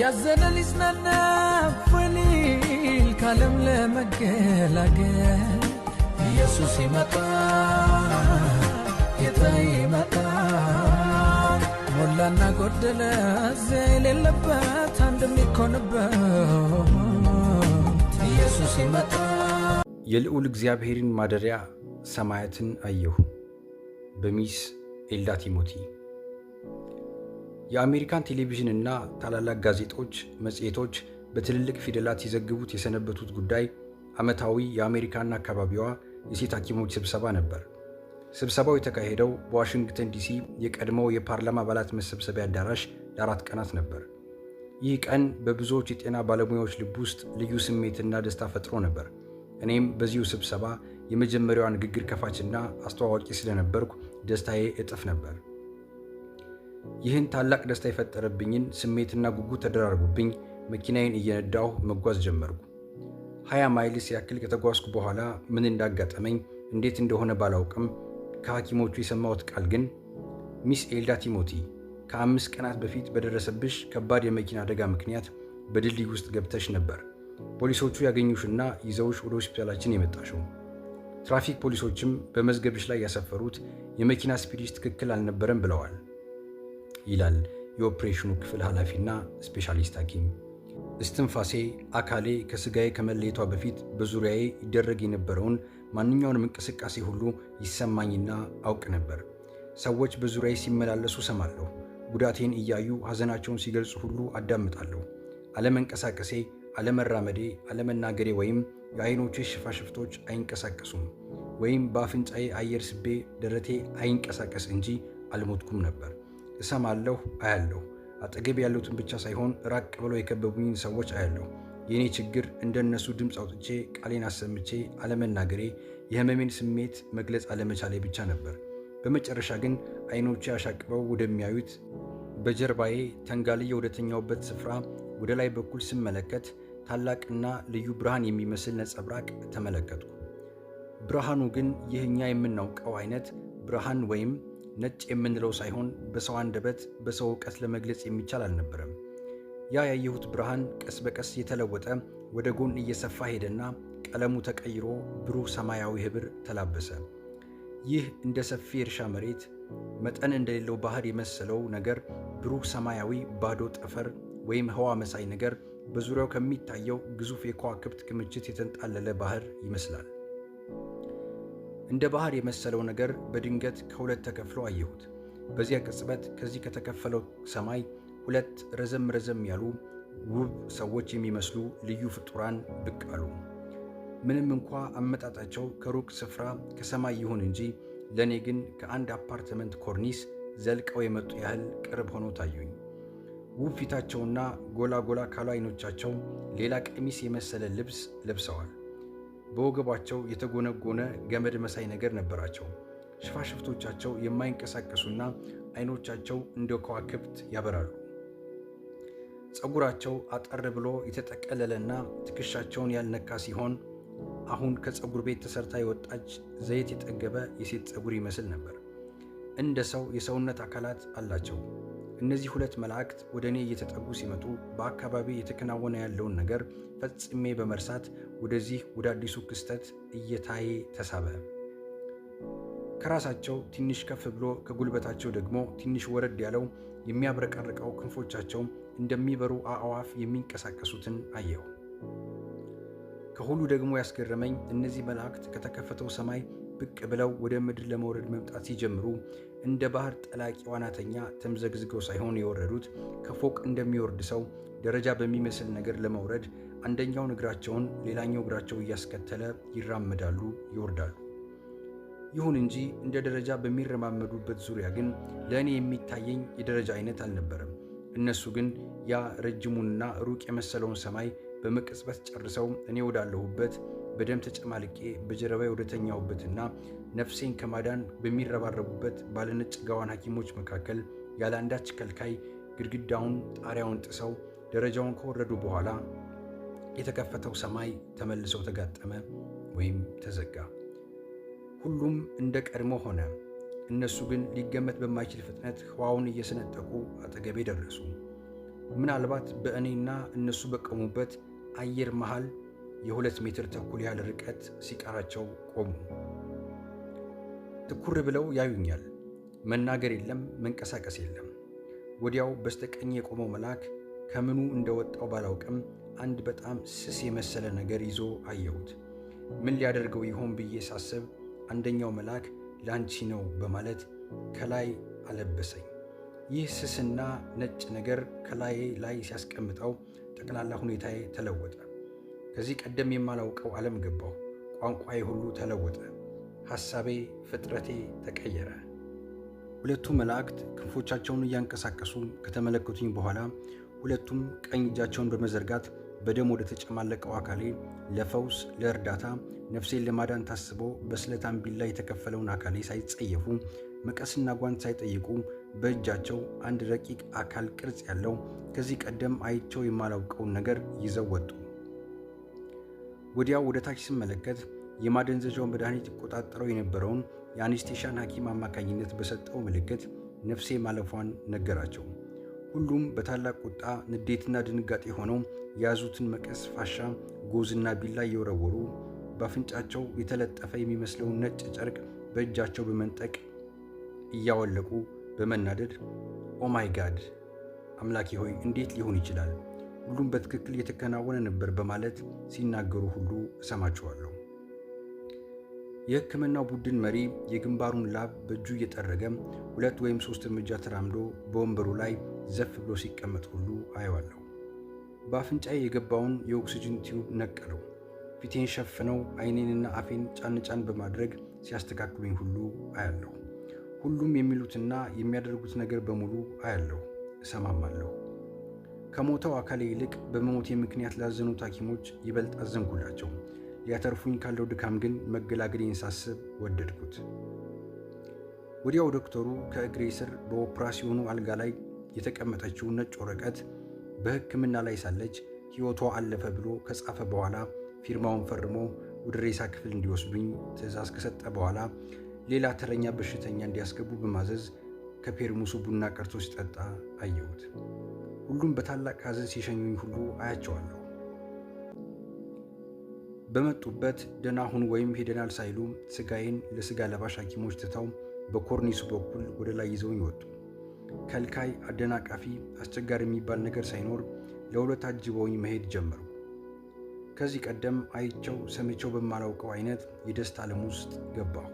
ያዘነ ሊዝናና ካለም ለመገላገል ኢየሱስ ይመጣ፣ ጌታ ይመጣ። ሞላና ጎደለ እዚያ የሌለበት አንድ የሚኮንበት ኢየሱስ የልዑል እግዚአብሔርን ማደሪያ ሰማያትን አየሁ። በሚስ ኤልዳ ቲሞቴ የአሜሪካን ቴሌቪዥን እና ታላላቅ ጋዜጦች፣ መጽሔቶች በትልልቅ ፊደላት ሲዘግቡት የሰነበቱት ጉዳይ ዓመታዊ የአሜሪካና አካባቢዋ የሴት ሐኪሞች ስብሰባ ነበር። ስብሰባው የተካሄደው በዋሽንግተን ዲሲ የቀድሞው የፓርላማ አባላት መሰብሰቢያ አዳራሽ ለአራት ቀናት ነበር። ይህ ቀን በብዙዎች የጤና ባለሙያዎች ልብ ውስጥ ልዩ ስሜትና ደስታ ፈጥሮ ነበር። እኔም በዚሁ ስብሰባ የመጀመሪያዋ ንግግር ከፋችና አስተዋዋቂ ስለነበርኩ ደስታዬ እጥፍ ነበር። ይህን ታላቅ ደስታ የፈጠረብኝን ስሜትና ጉጉት ተደራርቦብኝ መኪናዬን እየነዳሁ መጓዝ ጀመርኩ። ሀያ ማይልስ ያክል ከተጓዝኩ በኋላ ምን እንዳጋጠመኝ እንዴት እንደሆነ ባላውቅም ከሐኪሞቹ የሰማሁት ቃል ግን ሚስ ኤልዳ ቲሞቲ ከአምስት ቀናት በፊት በደረሰብሽ ከባድ የመኪና አደጋ ምክንያት በድልድይ ውስጥ ገብተሽ ነበር። ፖሊሶቹ ያገኙሽና ይዘውሽ ወደ ሆስፒታላችን የመጣሽው ትራፊክ ፖሊሶችም በመዝገብሽ ላይ ያሰፈሩት የመኪና ስፒድሽ ትክክል አልነበረም ብለዋል። ይላል የኦፕሬሽኑ ክፍል ኃላፊና ስፔሻሊስት ሐኪም። እስትንፋሴ አካሌ ከስጋዬ ከመለየቷ በፊት በዙሪያዬ ይደረግ የነበረውን ማንኛውንም እንቅስቃሴ ሁሉ ይሰማኝና አውቅ ነበር። ሰዎች በዙሪያዬ ሲመላለሱ ሰማለሁ። ጉዳቴን እያዩ ሐዘናቸውን ሲገልጹ ሁሉ አዳምጣለሁ። አለመንቀሳቀሴ፣ አለመራመዴ፣ አለመናገሬ ወይም የአይኖቼ ሽፋሽፍቶች አይንቀሳቀሱም ወይም በአፍንጫዬ አየር ስቤ ደረቴ አይንቀሳቀስ እንጂ አልሞትኩም ነበር። እሰማለሁ፣ አያለሁ። አጠገብ ያሉትን ብቻ ሳይሆን ራቅ ብለው የከበቡኝን ሰዎች አያለሁ። የእኔ ችግር እንደነሱ ድምፅ አውጥቼ ቃሌን አሰምቼ አለመናገሬ፣ የህመሜን ስሜት መግለጽ አለመቻሌ ብቻ ነበር። በመጨረሻ ግን አይኖቼ አሻቅበው ወደሚያዩት በጀርባዬ ተንጋልዬ ወደተኛውበት ስፍራ ወደ ላይ በኩል ስመለከት ታላቅና ልዩ ብርሃን የሚመስል ነጸብራቅ ተመለከትኩ። ብርሃኑ ግን ይህኛ የምናውቀው አይነት ብርሃን ወይም ነጭ የምንለው ሳይሆን በሰው አንደበት በሰው እውቀት ለመግለጽ የሚቻል አልነበረም። ያ ያየሁት ብርሃን ቀስ በቀስ የተለወጠ ወደ ጎን እየሰፋ ሄደና ቀለሙ ተቀይሮ ብሩህ ሰማያዊ ህብር ተላበሰ። ይህ እንደ ሰፊ እርሻ መሬት መጠን እንደሌለው ባህር የመሰለው ነገር ብሩህ ሰማያዊ ባዶ ጠፈር ወይም ህዋ መሳይ ነገር በዙሪያው ከሚታየው ግዙፍ የከዋክብት ክምችት የተንጣለለ ባህር ይመስላል። እንደ ባህር የመሰለው ነገር በድንገት ከሁለት ተከፍሎ አየሁት። በዚያ ቅጽበት ከዚህ ከተከፈለው ሰማይ ሁለት ረዘም ረዘም ያሉ ውብ ሰዎች የሚመስሉ ልዩ ፍጡራን ብቅ አሉ። ምንም እንኳ አመጣጣቸው ከሩቅ ስፍራ ከሰማይ ይሁን እንጂ ለእኔ ግን ከአንድ አፓርትመንት ኮርኒስ ዘልቀው የመጡ ያህል ቅርብ ሆኖ ታዩኝ። ውብ ፊታቸውና ጎላ ጎላ ካሉ አይኖቻቸው ሌላ ቀሚስ የመሰለ ልብስ ለብሰዋል። በወገባቸው የተጎነጎነ ገመድ መሳይ ነገር ነበራቸው። ሽፋሽፍቶቻቸው የማይንቀሳቀሱና አይኖቻቸው እንደ ከዋክብት ያበራሉ። ፀጉራቸው አጠር ብሎ የተጠቀለለና ትከሻቸውን ያልነካ ሲሆን አሁን ከፀጉር ቤት ተሰርታ የወጣች ዘይት የጠገበ የሴት ፀጉር ይመስል ነበር። እንደ ሰው የሰውነት አካላት አላቸው። እነዚህ ሁለት መላእክት ወደ እኔ እየተጠጉ ሲመጡ በአካባቢ የተከናወነ ያለውን ነገር ፈጽሜ በመርሳት ወደዚህ ወደ አዲሱ ክስተት እየታየ ተሳበ። ከራሳቸው ትንሽ ከፍ ብሎ ከጉልበታቸው ደግሞ ትንሽ ወረድ ያለው የሚያብረቀርቀው ክንፎቻቸው እንደሚበሩ አእዋፍ የሚንቀሳቀሱትን አየሁ። ከሁሉ ደግሞ ያስገረመኝ እነዚህ መላእክት ከተከፈተው ሰማይ ብቅ ብለው ወደ ምድር ለመውረድ መምጣት ሲጀምሩ እንደ ባህር ጠላቂ ዋናተኛ ተምዘግዝገው ሳይሆን የወረዱት ከፎቅ እንደሚወርድ ሰው ደረጃ በሚመስል ነገር ለመውረድ አንደኛውን እግራቸውን ሌላኛው እግራቸው እያስከተለ ይራመዳሉ፣ ይወርዳሉ። ይሁን እንጂ እንደ ደረጃ በሚረማመዱበት ዙሪያ ግን ለእኔ የሚታየኝ የደረጃ አይነት አልነበረም። እነሱ ግን ያ ረጅሙንና ሩቅ የመሰለውን ሰማይ በመቅጽበት ጨርሰው እኔ ወዳለሁበት በደም ተጨማልቄ በጀርባዬ ወደተኛሁበትና ነፍሴን ከማዳን በሚረባረቡበት ባለነጭ ጋዋን ሐኪሞች መካከል ያለ አንዳች ከልካይ ግድግዳውን፣ ጣሪያውን ጥሰው ደረጃውን ከወረዱ በኋላ የተከፈተው ሰማይ ተመልሰው ተጋጠመ ወይም ተዘጋ። ሁሉም እንደ ቀድሞ ሆነ። እነሱ ግን ሊገመት በማይችል ፍጥነት ህዋውን እየሰነጠቁ አጠገቤ ደረሱ። ምናልባት በእኔና እነሱ በቀሙበት አየር መሃል የሁለት ሜትር ተኩል ያህል ርቀት ሲቀራቸው ቆሙ። ትኩር ብለው ያዩኛል። መናገር የለም፣ መንቀሳቀስ የለም። ወዲያው በስተቀኝ የቆመው መልአክ ከምኑ እንደወጣው ባላውቅም አንድ በጣም ስስ የመሰለ ነገር ይዞ አየሁት። ምን ሊያደርገው ይሆን ብዬ ሳስብ አንደኛው መልአክ ለአንቺ ነው በማለት ከላይ አለበሰኝ። ይህ ስስና ነጭ ነገር ከላዬ ላይ ሲያስቀምጠው ጠቅላላ ሁኔታዬ ተለወጠ። ከዚህ ቀደም የማላውቀው ዓለም ገባው ቋንቋዬ ሁሉ ተለወጠ። ሐሳቤ፣ ፍጥረቴ ተቀየረ። ሁለቱ መላእክት ክንፎቻቸውን እያንቀሳቀሱ ከተመለከቱኝ በኋላ ሁለቱም ቀኝ እጃቸውን በመዘርጋት በደም ወደ ተጨማለቀው አካሌ ለፈውስ፣ ለእርዳታ፣ ነፍሴን ለማዳን ታስቦ በስለታም ቢላ የተከፈለውን አካሌ ሳይጸየፉ መቀስና ጓንት ሳይጠይቁ በእጃቸው አንድ ረቂቅ አካል ቅርጽ ያለው ከዚህ ቀደም አይቸው የማላውቀውን ነገር ይዘው ወጡ። ወዲያው ወደ ታች ስመለከት የማደንዘዣው መድኃኒት ይቆጣጠረው የነበረውን የአኔስቴሻን ሐኪም አማካኝነት በሰጠው ምልክት ነፍሴ ማለፏን ነገራቸው። ሁሉም በታላቅ ቁጣ ንዴትና ድንጋጤ ሆነው የያዙትን መቀስ፣ ፋሻ፣ ጎዝና ቢላ እየወረወሩ በአፍንጫቸው የተለጠፈ የሚመስለውን ነጭ ጨርቅ በእጃቸው በመንጠቅ እያወለቁ በመናደድ ኦማይ ጋድ አምላኬ ሆይ እንዴት ሊሆን ይችላል ሁሉም በትክክል እየተከናወነ ነበር በማለት ሲናገሩ ሁሉ እሰማቸዋለሁ። የህክምናው ቡድን መሪ የግንባሩን ላብ በእጁ እየጠረገ ሁለት ወይም ሶስት እርምጃ ተራምዶ በወንበሩ ላይ ዘፍ ብሎ ሲቀመጥ ሁሉ አየዋለሁ። በአፍንጫዬ የገባውን የኦክስጅን ቲዩብ ነቀለው። ፊቴን ሸፍነው አይኔንና አፌን ጫንጫን በማድረግ ሲያስተካክሉኝ ሁሉ አያለሁ። ሁሉም የሚሉትና የሚያደርጉት ነገር በሙሉ አያለሁ፣ እሰማማለሁ። ከሞተው አካል ይልቅ በመሞት ምክንያት ላዘኑት ሐኪሞች ይበልጥ አዘንኩላቸው። ሊያተርፉኝ ካለው ድካም ግን መገላገሌን ሳስብ ወደድኩት። ወዲያው ዶክተሩ ከእግሬ ስር በኦፕራሲዮኑ አልጋ ላይ የተቀመጠችው ነጭ ወረቀት በሕክምና ላይ ሳለች ሕይወቷ አለፈ ብሎ ከጻፈ በኋላ ፊርማውን ፈርሞ ወደ ሬሳ ክፍል እንዲወስዱኝ ትዕዛዝ ከሰጠ በኋላ ሌላ ተረኛ በሽተኛ እንዲያስገቡ በማዘዝ ከፔርሙሱ ቡና ቀርቶ ሲጠጣ አየሁት። ሁሉም በታላቅ ሐዘን ሲሸኙኝ ሁሉ አያቸዋለሁ። በመጡበት ደህና ሁን ወይም ሄደናል ሳይሉ ስጋዬን ለስጋ ለባሽ ሐኪሞች ትተው በኮርኒሱ በኩል ወደ ላይ ይዘውኝ ወጡ። ከልካይ፣ አደናቃፊ፣ አስቸጋሪ የሚባል ነገር ሳይኖር ለሁለት አጅበውኝ መሄድ ጀመሩ። ከዚህ ቀደም አይቸው ሰምቸው በማላውቀው አይነት የደስታ ዓለም ውስጥ ገባሁ።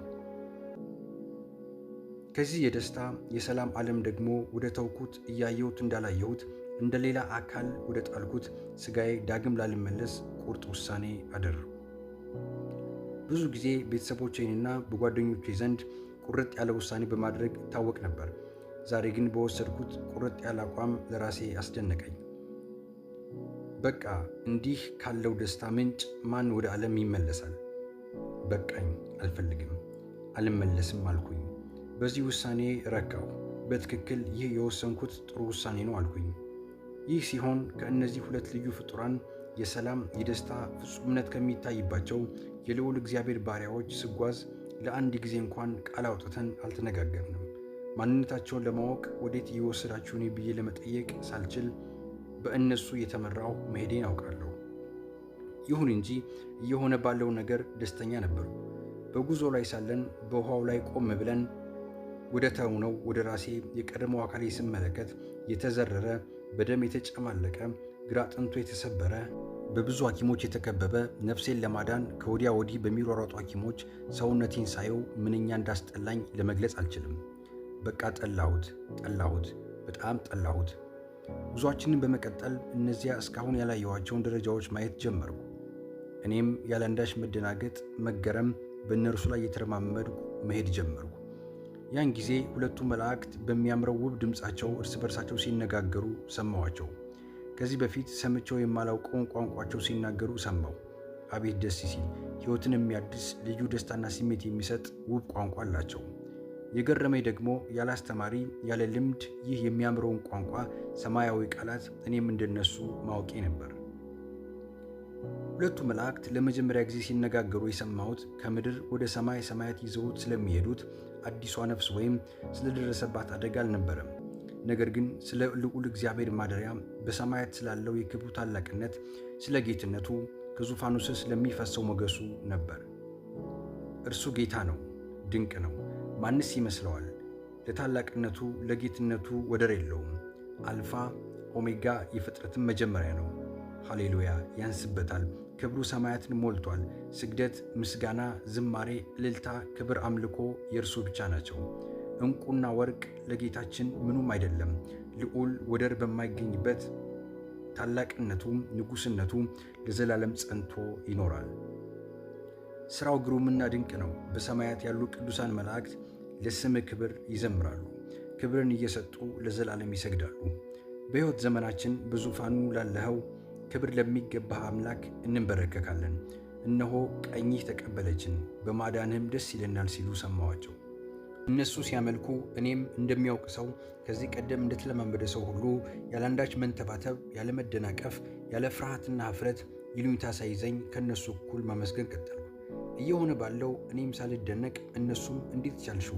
ከዚህ የደስታ የሰላም ዓለም ደግሞ ወደ ተውኩት እያየሁት እንዳላየሁት እንደ ሌላ አካል ወደ ጣልኩት ስጋዬ ዳግም ላልመለስ ቁርጥ ውሳኔ አደረጉ። ብዙ ጊዜ ቤተሰቦቼንና በጓደኞቼ ዘንድ ቁርጥ ያለ ውሳኔ በማድረግ ይታወቅ ነበር። ዛሬ ግን በወሰድኩት ቁርጥ ያለ አቋም ለራሴ አስደነቀኝ። በቃ እንዲህ ካለው ደስታ ምንጭ ማን ወደ ዓለም ይመለሳል? በቃኝ፣ አልፈልግም፣ አልመለስም አልኩኝ። በዚህ ውሳኔ ረካው። በትክክል ይህ የወሰንኩት ጥሩ ውሳኔ ነው አልኩኝ። ይህ ሲሆን ከእነዚህ ሁለት ልዩ ፍጡራን የሰላም የደስታ ፍጹምነት ከሚታይባቸው የልዑል እግዚአብሔር ባሪያዎች ስጓዝ ለአንድ ጊዜ እንኳን ቃል አውጥተን አልተነጋገርንም። ማንነታቸውን ለማወቅ ወዴት እየወሰዳችሁን ብዬ ለመጠየቅ ሳልችል በእነሱ የተመራው መሄዴን አውቃለሁ። ይሁን እንጂ እየሆነ ባለው ነገር ደስተኛ ነበሩ። በጉዞ ላይ ሳለን በውሃው ላይ ቆም ብለን ወደ ተውነው ወደ ራሴ የቀድሞ አካሌ ስመለከት የተዘረረ በደም የተጨማለቀ ግራ አጥንቱ የተሰበረ በብዙ ሐኪሞች የተከበበ ነፍሴን ለማዳን ከወዲያ ወዲህ በሚሯሯጡ ሐኪሞች ሰውነቴን ሳየው ምንኛ እንዳስጠላኝ ለመግለጽ አልችልም። በቃ ጠላሁት፣ ጠላሁት፣ በጣም ጠላሁት። ጉዟችንን በመቀጠል እነዚያ እስካሁን ያላየኋቸውን ደረጃዎች ማየት ጀመርኩ። እኔም ያለንዳሽ መደናገጥ፣ መገረም በእነርሱ ላይ የተረማመድኩ መሄድ ጀመርኩ። ያን ጊዜ ሁለቱ መላእክት በሚያምረው ውብ ድምፃቸው እርስ በርሳቸው ሲነጋገሩ ሰማዋቸው። ከዚህ በፊት ሰምቸው የማላውቀውን ቋንቋቸው ሲናገሩ ሰማው። አቤት ደስ ሲል! ሕይወትን የሚያድስ ልዩ ደስታና ስሜት የሚሰጥ ውብ ቋንቋ አላቸው። የገረመኝ ደግሞ ያለ አስተማሪ ያለ ልምድ ይህ የሚያምረውን ቋንቋ ሰማያዊ ቃላት እኔም እንደነሱ ማወቄ ነበር። ሁለቱ መላእክት ለመጀመሪያ ጊዜ ሲነጋገሩ የሰማሁት ከምድር ወደ ሰማይ ሰማያት ይዘውት ስለሚሄዱት አዲሷ ነፍስ ወይም ስለደረሰባት አደጋ አልነበረም። ነገር ግን ስለ ልዑል እግዚአብሔር ማደሪያ፣ በሰማያት ስላለው የክብሩ ታላቅነት፣ ስለ ጌትነቱ፣ ከዙፋኑ ስር ስለሚፈሰው ሞገሱ ነበር። እርሱ ጌታ ነው፣ ድንቅ ነው፣ ማንስ ይመስለዋል? ለታላቅነቱ ለጌትነቱ ወደር የለውም። አልፋ ኦሜጋ፣ የፍጥረትን መጀመሪያ ነው። ሃሌሉያ! ያንስበታል ክብሩ ሰማያትን ሞልቷል። ስግደት፣ ምስጋና፣ ዝማሬ፣ እልልታ፣ ክብር፣ አምልኮ የእርሱ ብቻ ናቸው። እንቁና ወርቅ ለጌታችን ምኑም አይደለም። ልዑል ወደር በማይገኝበት ታላቅነቱ፣ ንጉሥነቱ ለዘላለም ጸንቶ ይኖራል። ሥራው ግሩምና ድንቅ ነው። በሰማያት ያሉ ቅዱሳን መላእክት ለስም ክብር ይዘምራሉ። ክብርን እየሰጡ ለዘላለም ይሰግዳሉ። በሕይወት ዘመናችን በዙፋኑ ላለኸው ክብር ለሚገባ አምላክ እንንበረከካለን። እነሆ ቀኝህ ተቀበለችን፣ በማዳንህም ደስ ይለናል ሲሉ ሰማዋቸው። እነሱ ሲያመልኩ እኔም እንደሚያውቅ ሰው ከዚህ ቀደም እንደተለማመደ ሰው ሁሉ ያለአንዳች መንተባተብ፣ ያለመደናቀፍ፣ ያለ ፍርሃትና ህፍረት ይሉኝታ ሳይዘኝ ከእነሱ እኩል ማመስገን ቀጠሉ። እየሆነ ባለው እኔም ሳልደነቅ እነሱም እንዴት ቻልሹ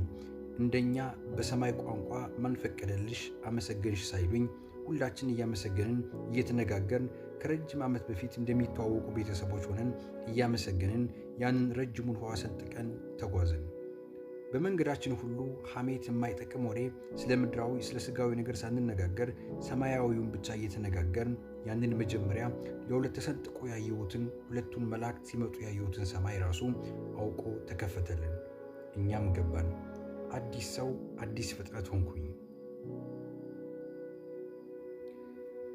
እንደኛ በሰማይ ቋንቋ ማን ፈቀደልሽ አመሰገንሽ ሳይሉኝ ሁላችን እያመሰገንን እየተነጋገርን ከረጅም ዓመት በፊት እንደሚተዋወቁ ቤተሰቦች ሆነን እያመሰገንን ያንን ረጅሙን ውሃ ሰንጥቀን ተጓዝን። በመንገዳችን ሁሉ ሐሜት፣ የማይጠቅም ወሬ፣ ስለ ምድራዊ ስለ ስጋዊ ነገር ሳንነጋገር ሰማያዊውን ብቻ እየተነጋገርን ያንን መጀመሪያ ለሁለት ተሰንጥቆ ያየሁትን ሁለቱን መላእክት ሲመጡ ያየሁትን ሰማይ ራሱ አውቆ ተከፈተልን። እኛም ገባን። አዲስ ሰው፣ አዲስ ፍጥረት ሆንኩኝ።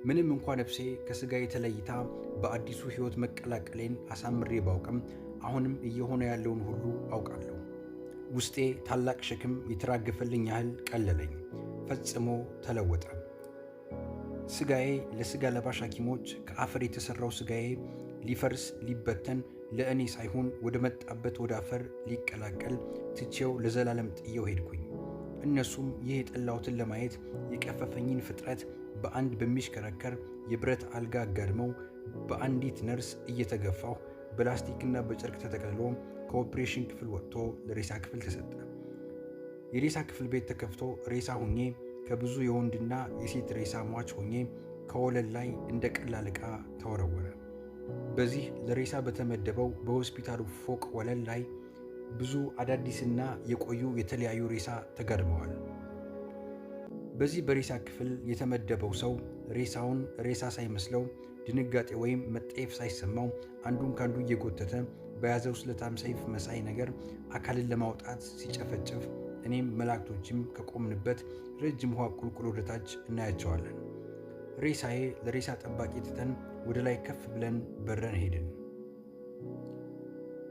ምንም እንኳ ነፍሴ ከስጋ የተለይታ በአዲሱ ሕይወት መቀላቀሌን አሳምሬ ባውቅም አሁንም እየሆነ ያለውን ሁሉ አውቃለሁ። ውስጤ ታላቅ ሸክም የተራገፈልኝ ያህል ቀለለኝ፣ ፈጽሞ ተለወጠ። ስጋዬ ለስጋ ለባሽ ሐኪሞች ከአፈር የተሠራው ስጋዬ ሊፈርስ ሊበተን ለእኔ ሳይሆን ወደ መጣበት ወደ አፈር ሊቀላቀል ትቼው ለዘላለም ጥየው ሄድኩኝ። እነሱም ይህ የጠላሁትን ለማየት የቀፈፈኝን ፍጥረት በአንድ በሚሽከረከር የብረት አልጋ ጋድመው በአንዲት ነርስ እየተገፋሁ በላስቲክና በጨርቅ ተጠቅልሎ ከኦፕሬሽን ክፍል ወጥቶ ለሬሳ ክፍል ተሰጠ። የሬሳ ክፍል ቤት ተከፍቶ ሬሳ ሁኜ ከብዙ የወንድና የሴት ሬሳ ሟች ሆኜ ከወለል ላይ እንደ ቀላል ዕቃ ተወረወረ። በዚህ ለሬሳ በተመደበው በሆስፒታሉ ፎቅ ወለል ላይ ብዙ አዳዲስና የቆዩ የተለያዩ ሬሳ ተጋድመዋል። በዚህ በሬሳ ክፍል የተመደበው ሰው ሬሳውን ሬሳ ሳይመስለው ድንጋጤ ወይም መጠየፍ ሳይሰማው አንዱን ከአንዱ እየጎተተ በያዘው ስለታም ሰይፍ መሳይ ነገር አካልን ለማውጣት ሲጨፈጭፍ እኔም መላእክቶችም ከቆምንበት ረጅም ውሃ ቁልቁል ወደታች እናያቸዋለን። ሬሳዬ ለሬሳ ጠባቂ ትተን ወደ ላይ ከፍ ብለን በረን ሄድን።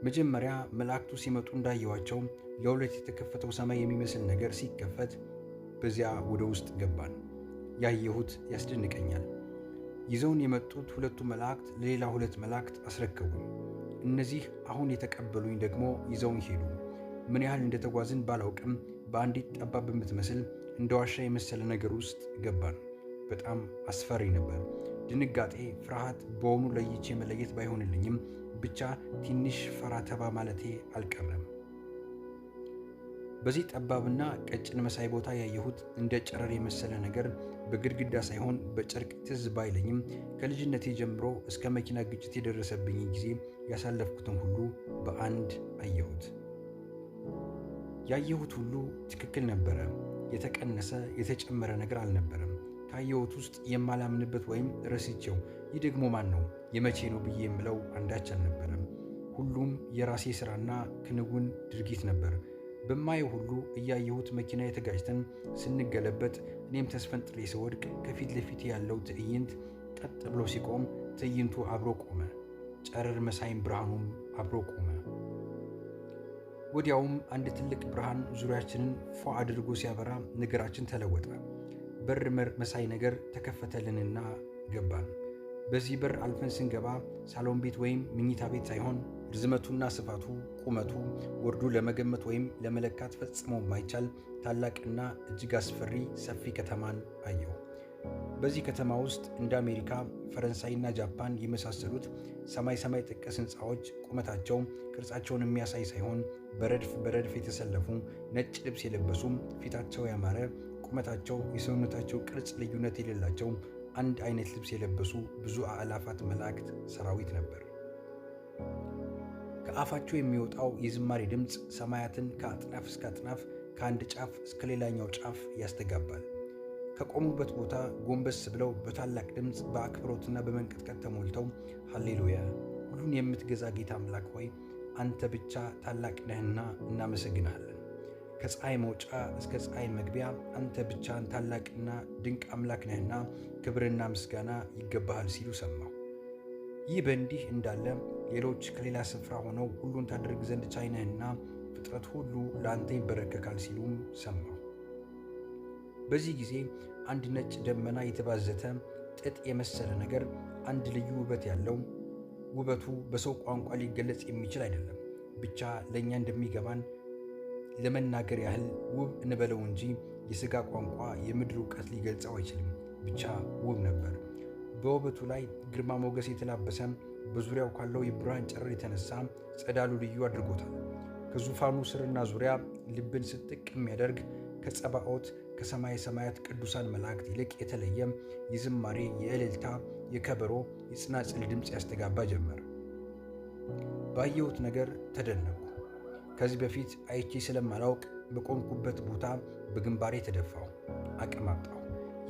መጀመሪያ መላእክቱ ሲመጡ እንዳየዋቸው ለሁለት የተከፈተው ሰማይ የሚመስል ነገር ሲከፈት በዚያ ወደ ውስጥ ገባን። ያየሁት ያስደንቀኛል። ይዘውን የመጡት ሁለቱ መላእክት ለሌላ ሁለት መላእክት አስረከቡኝ። እነዚህ አሁን የተቀበሉኝ ደግሞ ይዘውን ሄዱ። ምን ያህል እንደተጓዝን ባላውቅም በአንዲት ጠባብ በምትመስል እንደ ዋሻ የመሰለ ነገር ውስጥ ገባን። በጣም አስፈሪ ነበር። ድንጋጤ፣ ፍርሃት በሆኑ ለይቼ መለየት ባይሆንልኝም ብቻ ትንሽ ፈራተባ ማለቴ አልቀረም። በዚህ ጠባብና ቀጭን መሳይ ቦታ ያየሁት እንደ ጨረር የመሰለ ነገር በግድግዳ ሳይሆን በጨርቅ ትዝ ባይለኝም ከልጅነቴ ጀምሮ እስከ መኪና ግጭት የደረሰብኝ ጊዜ ያሳለፍኩትን ሁሉ በአንድ አየሁት። ያየሁት ሁሉ ትክክል ነበረ። የተቀነሰ የተጨመረ ነገር አልነበረም። ካየሁት ውስጥ የማላምንበት ወይም ረስቼው ይህ ደግሞ ማን ነው የመቼ ነው ብዬ የምለው አንዳች አልነበረም። ሁሉም የራሴ ስራና ክንውን ድርጊት ነበር። በማየው ሁሉ እያየሁት መኪና የተጋጭተን ስንገለበጥ እኔም ተስፈንጥሬ ስወድቅ ከፊት ለፊት ያለው ትዕይንት ቀጥ ብሎ ሲቆም ትዕይንቱ አብሮ ቆመ። ጨረር መሳይም ብርሃኑም አብሮ ቆመ። ወዲያውም አንድ ትልቅ ብርሃን ዙሪያችንን ፏ አድርጎ ሲያበራ ነገራችን ተለወጠ። በር መሳይ ነገር ተከፈተልንና ገባን። በዚህ በር አልፈን ስንገባ ሳሎን ቤት ወይም ምኝታ ቤት ሳይሆን ርዝመቱና ስፋቱ፣ ቁመቱ፣ ወርዱ ለመገመት ወይም ለመለካት ፈጽሞ የማይቻል ታላቅና እጅግ አስፈሪ ሰፊ ከተማን አየሁ። በዚህ ከተማ ውስጥ እንደ አሜሪካ፣ ፈረንሳይና ጃፓን የመሳሰሉት ሰማይ ሰማይ ጥቀስ ሕንፃዎች ቁመታቸው ቅርጻቸውን የሚያሳይ ሳይሆን በረድፍ በረድፍ የተሰለፉ ነጭ ልብስ የለበሱም ፊታቸው ያማረ ቁመታቸው የሰውነታቸው ቅርጽ ልዩነት የሌላቸው አንድ አይነት ልብስ የለበሱ ብዙ አእላፋት መላእክት ሰራዊት ነበር። ከአፋቸው የሚወጣው የዝማሬ ድምፅ ሰማያትን ከአጥናፍ እስከ አጥናፍ ከአንድ ጫፍ እስከ ሌላኛው ጫፍ ያስተጋባል። ከቆሙበት ቦታ ጎንበስ ብለው በታላቅ ድምፅ በአክብሮትና በመንቀጥቀጥ ተሞልተው ሃሌሉያ፣ ሁሉን የምትገዛ ጌታ አምላክ ሆይ አንተ ብቻ ታላቅ ነህና እናመሰግንሃለን። ከፀሐይ መውጫ እስከ ፀሐይ መግቢያ አንተ ብቻን ታላቅና ድንቅ አምላክ ነህና ክብርና ምስጋና ይገባሃል ሲሉ ሰማሁ። ይህ በእንዲህ እንዳለ ሌሎች ከሌላ ስፍራ ሆነው ሁሉን ታደርግ ዘንድ ቻይ ፍጥረት ሁሉ ለአንተ ይበረከካል ሲሉም ሰማሁ። በዚህ ጊዜ አንድ ነጭ ደመና የተባዘተ ጥጥ የመሰለ ነገር፣ አንድ ልዩ ውበት ያለው ውበቱ በሰው ቋንቋ ሊገለጽ የሚችል አይደለም፣ ብቻ ለእኛ እንደሚገባን ለመናገር ያህል ውብ እንበለው እንጂ የሥጋ ቋንቋ የምድር እውቀት ሊገልጸው አይችልም። ብቻ ውብ ነበር። በውበቱ ላይ ግርማ ሞገስ የተላበሰም በዙሪያው ካለው የብርሃን ጨረር የተነሳ ጸዳሉ ልዩ አድርጎታል። ከዙፋኑ ስርና ዙሪያ ልብን ስጥቅ የሚያደርግ ከጸባኦት፣ ከሰማይ ሰማያት ቅዱሳን መላእክት ይልቅ የተለየ የዝማሬ፣ የእልልታ፣ የከበሮ፣ የጽናጽል ድምፅ ያስተጋባ ጀመር። ባየሁት ነገር ተደነቁ። ከዚህ በፊት አይቼ ስለማላውቅ በቆምኩበት ቦታ በግንባሬ ተደፋው፣ አቅም አጣሁ።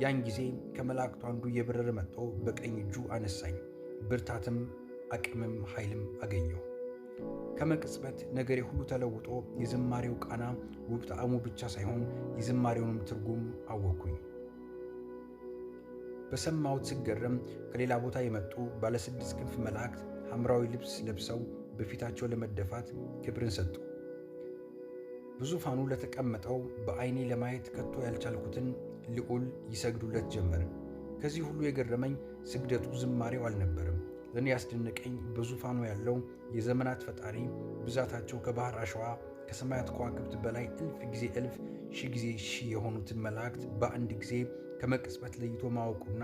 ያን ጊዜ ከመላእክቱ አንዱ የበረረ መጥቶ በቀኝ እጁ አነሳኝ፣ ብርታትም አቅምም ኃይልም አገኘሁ። ከመቅጽበት ነገሬ ሁሉ ተለውጦ የዝማሬው ቃና ውብ ጣዕሙ ብቻ ሳይሆን የዝማሬውንም ትርጉም አወቅኩኝ። በሰማሁት ስገርም ከሌላ ቦታ የመጡ ባለስድስት ክንፍ መላእክት ሐምራዊ ልብስ ለብሰው በፊታቸው ለመደፋት ክብርን ሰጡ። በዙፋኑ ለተቀመጠው በዐይኔ ለማየት ከቶ ያልቻልኩትን ልዑል ይሰግዱለት ጀመር። ከዚህ ሁሉ የገረመኝ ስግደቱ ዝማሬው አልነበርም። እኔ ያስደነቀኝ በዙፋኑ ያለው የዘመናት ፈጣሪ ብዛታቸው ከባህር አሸዋ ከሰማያት ከዋክብት በላይ እልፍ ጊዜ እልፍ ሺ ጊዜ ሺ የሆኑትን መላእክት በአንድ ጊዜ ከመቅጽበት ለይቶ ማወቁና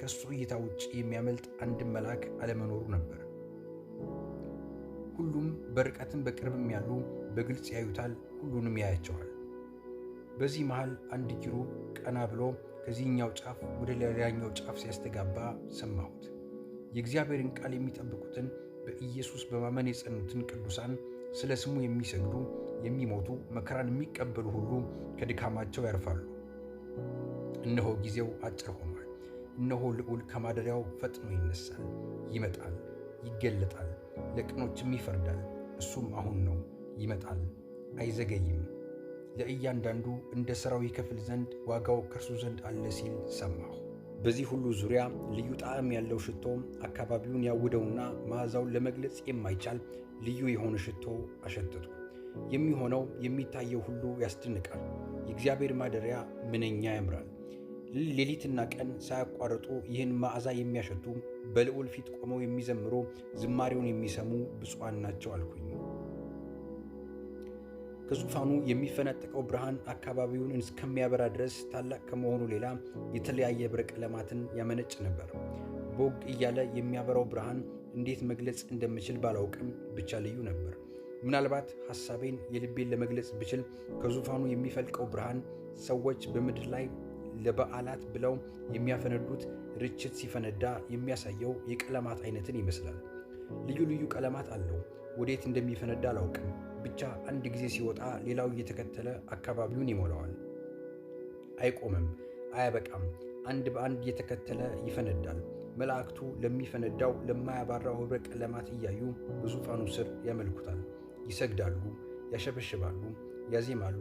ከእሱ እይታ ውጭ የሚያመልጥ አንድን መልአክ አለመኖሩ ነበር። ሁሉም በርቀትም በቅርብም ያሉ በግልጽ ያዩታል፣ ሁሉንም ያያቸዋል። በዚህ መሃል አንድ ኪሩብ ቀና ብሎ ከዚህኛው ጫፍ ወደ ሌላኛው ጫፍ ሲያስተጋባ ሰማሁት። የእግዚአብሔርን ቃል የሚጠብቁትን በኢየሱስ በማመን የጸኑትን ቅዱሳን ስለ ስሙ የሚሰግዱ የሚሞቱ መከራን የሚቀበሉ ሁሉ ከድካማቸው ያርፋሉ። እነሆ ጊዜው አጭር ሆኗል። እነሆ ልዑል ከማደሪያው ፈጥኖ ይነሳል፣ ይመጣል፣ ይገለጣል፣ ለቅኖችም ይፈርዳል። እሱም አሁን ነው፣ ይመጣል፣ አይዘገይም። ለእያንዳንዱ እንደ ሥራው ይከፍል ዘንድ ዋጋው ከእርሱ ዘንድ አለ ሲል ሰማሁ። በዚህ ሁሉ ዙሪያ ልዩ ጣዕም ያለው ሽቶ አካባቢውን ያውደውና መዓዛውን ለመግለጽ የማይቻል ልዩ የሆነ ሽቶ አሸተቱ። የሚሆነው የሚታየው ሁሉ ያስደንቃል። የእግዚአብሔር ማደሪያ ምንኛ ያምራል! ሌሊትና ቀን ሳያቋርጡ ይህን መዓዛ የሚያሸቱ በልዑል ፊት ቆመው የሚዘምሩ ዝማሬውን የሚሰሙ ብፁዓን ናቸው አልኩኝ። ከዙፋኑ የሚፈነጥቀው ብርሃን አካባቢውን እስከሚያበራ ድረስ ታላቅ ከመሆኑ ሌላ የተለያየ ብር ቀለማትን ያመነጭ ነበር። ቦግ እያለ የሚያበራው ብርሃን እንዴት መግለጽ እንደምችል ባላውቅም ብቻ ልዩ ነበር። ምናልባት ሐሳቤን የልቤን ለመግለጽ ብችል ከዙፋኑ የሚፈልቀው ብርሃን ሰዎች በምድር ላይ ለበዓላት ብለው የሚያፈነዱት ርችት ሲፈነዳ የሚያሳየው የቀለማት አይነትን ይመስላል። ልዩ ልዩ ቀለማት አለው። ወዴት እንደሚፈነዳ አላውቅም። ብቻ አንድ ጊዜ ሲወጣ ሌላው እየተከተለ አካባቢውን ይሞላዋል። አይቆምም፣ አያበቃም። አንድ በአንድ እየተከተለ ይፈነዳል። መላእክቱ ለሚፈነዳው ለማያባራው ህብረ ቀለማት እያዩ በዙፋኑ ስር ያመልኩታል፣ ይሰግዳሉ፣ ያሸበሽባሉ፣ ያዜማሉ።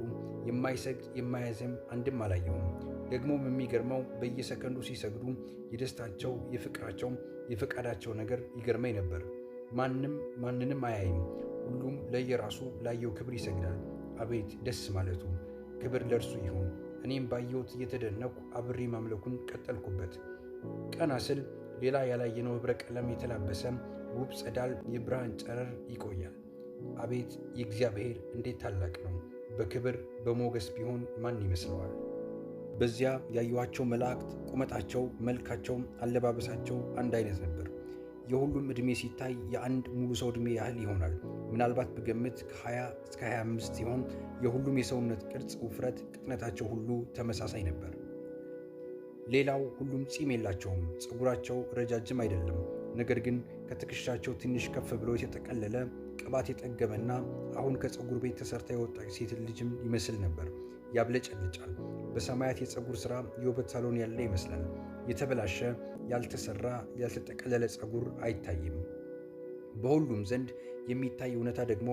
የማይሰግድ የማያዜም አንድም አላየውም። ደግሞም የሚገርመው በየሰከንዱ ሲሰግዱ የደስታቸው፣ የፍቅራቸው፣ የፈቃዳቸው ነገር ይገርመኝ ነበር። ማንም ማንንም አያይም። ሁሉም ለየራሱ ላየው ክብር ይሰግዳል። አቤት ደስ ማለቱ! ክብር ለእርሱ ይሁን። እኔም ባየሁት እየተደነኩ አብሬ ማምለኩን ቀጠልኩበት። ቀና ስል ሌላ ያላየነው ኅብረ ቀለም የተላበሰ ውብ ጸዳል የብርሃን ጨረር ይቆያል። አቤት የእግዚአብሔር እንዴት ታላቅ ነው! በክብር በሞገስ ቢሆን ማን ይመስለዋል? በዚያ ያየኋቸው መላእክት ቁመታቸው፣ መልካቸው፣ አለባበሳቸው አንድ አይነት ነበር። የሁሉም ዕድሜ ሲታይ የአንድ ሙሉ ሰው ዕድሜ ያህል ይሆናል። ምናልባት በገምት ከ20 እስከ 25 ሲሆን የሁሉም የሰውነት ቅርጽ፣ ውፍረት፣ ቅጥነታቸው ሁሉ ተመሳሳይ ነበር። ሌላው ሁሉም ፂም የላቸውም። ፀጉራቸው ረጃጅም አይደለም፣ ነገር ግን ከትከሻቸው ትንሽ ከፍ ብሎ የተጠቀለለ ቅባት የጠገመና አሁን ከፀጉር ቤት ተሰርታ የወጣች ሴት ልጅም ይመስል ነበር። ያብለጨልጫል። በሰማያት የፀጉር ሥራ የውበት ሳሎን ያለ ይመስላል። የተበላሸ፣ ያልተሰራ፣ ያልተጠቀለለ ፀጉር አይታይም። በሁሉም ዘንድ የሚታይ እውነታ ደግሞ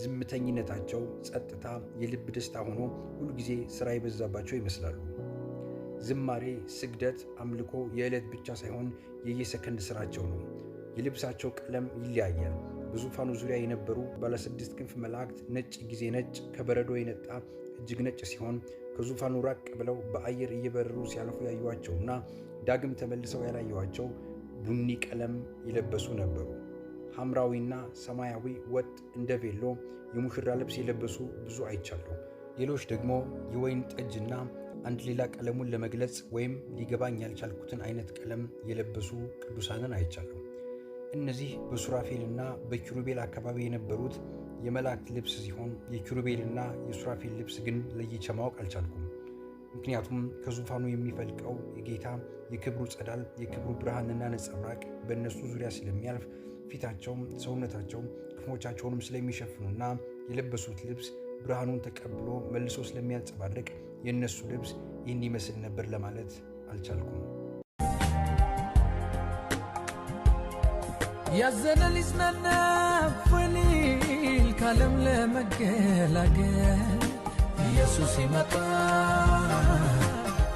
ዝምተኝነታቸው ጸጥታ፣ የልብ ደስታ ሆኖ ሁልጊዜ ሥራ የበዛባቸው ይመስላሉ። ዝማሬ፣ ስግደት፣ አምልኮ የዕለት ብቻ ሳይሆን የየሰከንድ ሥራቸው ነው። የልብሳቸው ቀለም ይለያያል። በዙፋኑ ዙሪያ የነበሩ ባለስድስት ክንፍ መላእክት ነጭ ጊዜ ነጭ ከበረዶ የነጣ እጅግ ነጭ ሲሆን ከዙፋኑ ራቅ ብለው በአየር እየበረሩ ሲያልፉ ያዩዋቸውና ዳግም ተመልሰው ያላየዋቸው ቡኒ ቀለም የለበሱ ነበሩ። ሐምራዊና ሰማያዊ ወጥ እንደ ቬሎ የሙሽራ ልብስ የለበሱ ብዙ አይቻሉ። ሌሎች ደግሞ የወይን ጠጅና አንድ ሌላ ቀለሙን ለመግለጽ ወይም ሊገባኝ ያልቻልኩትን አይነት ቀለም የለበሱ ቅዱሳንን አይቻሉ። እነዚህ በሱራፌልና በኪሩቤል አካባቢ የነበሩት የመላእክት ልብስ ሲሆን የኪሩቤልና የሱራፌል ልብስ ግን ለይቼ ማወቅ አልቻልኩም። ምክንያቱም ከዙፋኑ የሚፈልቀው የጌታ የክብሩ ጸዳል የክብሩ ብርሃንና ነጸብራቅ በእነሱ ዙሪያ ስለሚያልፍ ፊታቸውም ሰውነታቸውም ክፍሞቻቸውንም ስለሚሸፍኑና የለበሱት ልብስ ብርሃኑን ተቀብሎ መልሶ ስለሚያንጸባርቅ የእነሱ ልብስ ይህን ይመስል ነበር ለማለት አልቻልኩም። ያዘነ ሊጽናና ፈሊል ካለም ለመገላገል ኢየሱስ ይመጣ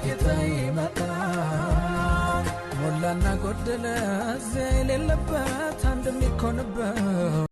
ጌታ ይመጣ ሞላና ጎደለ እዚያ የሌለበት አንድ የሚኮንበት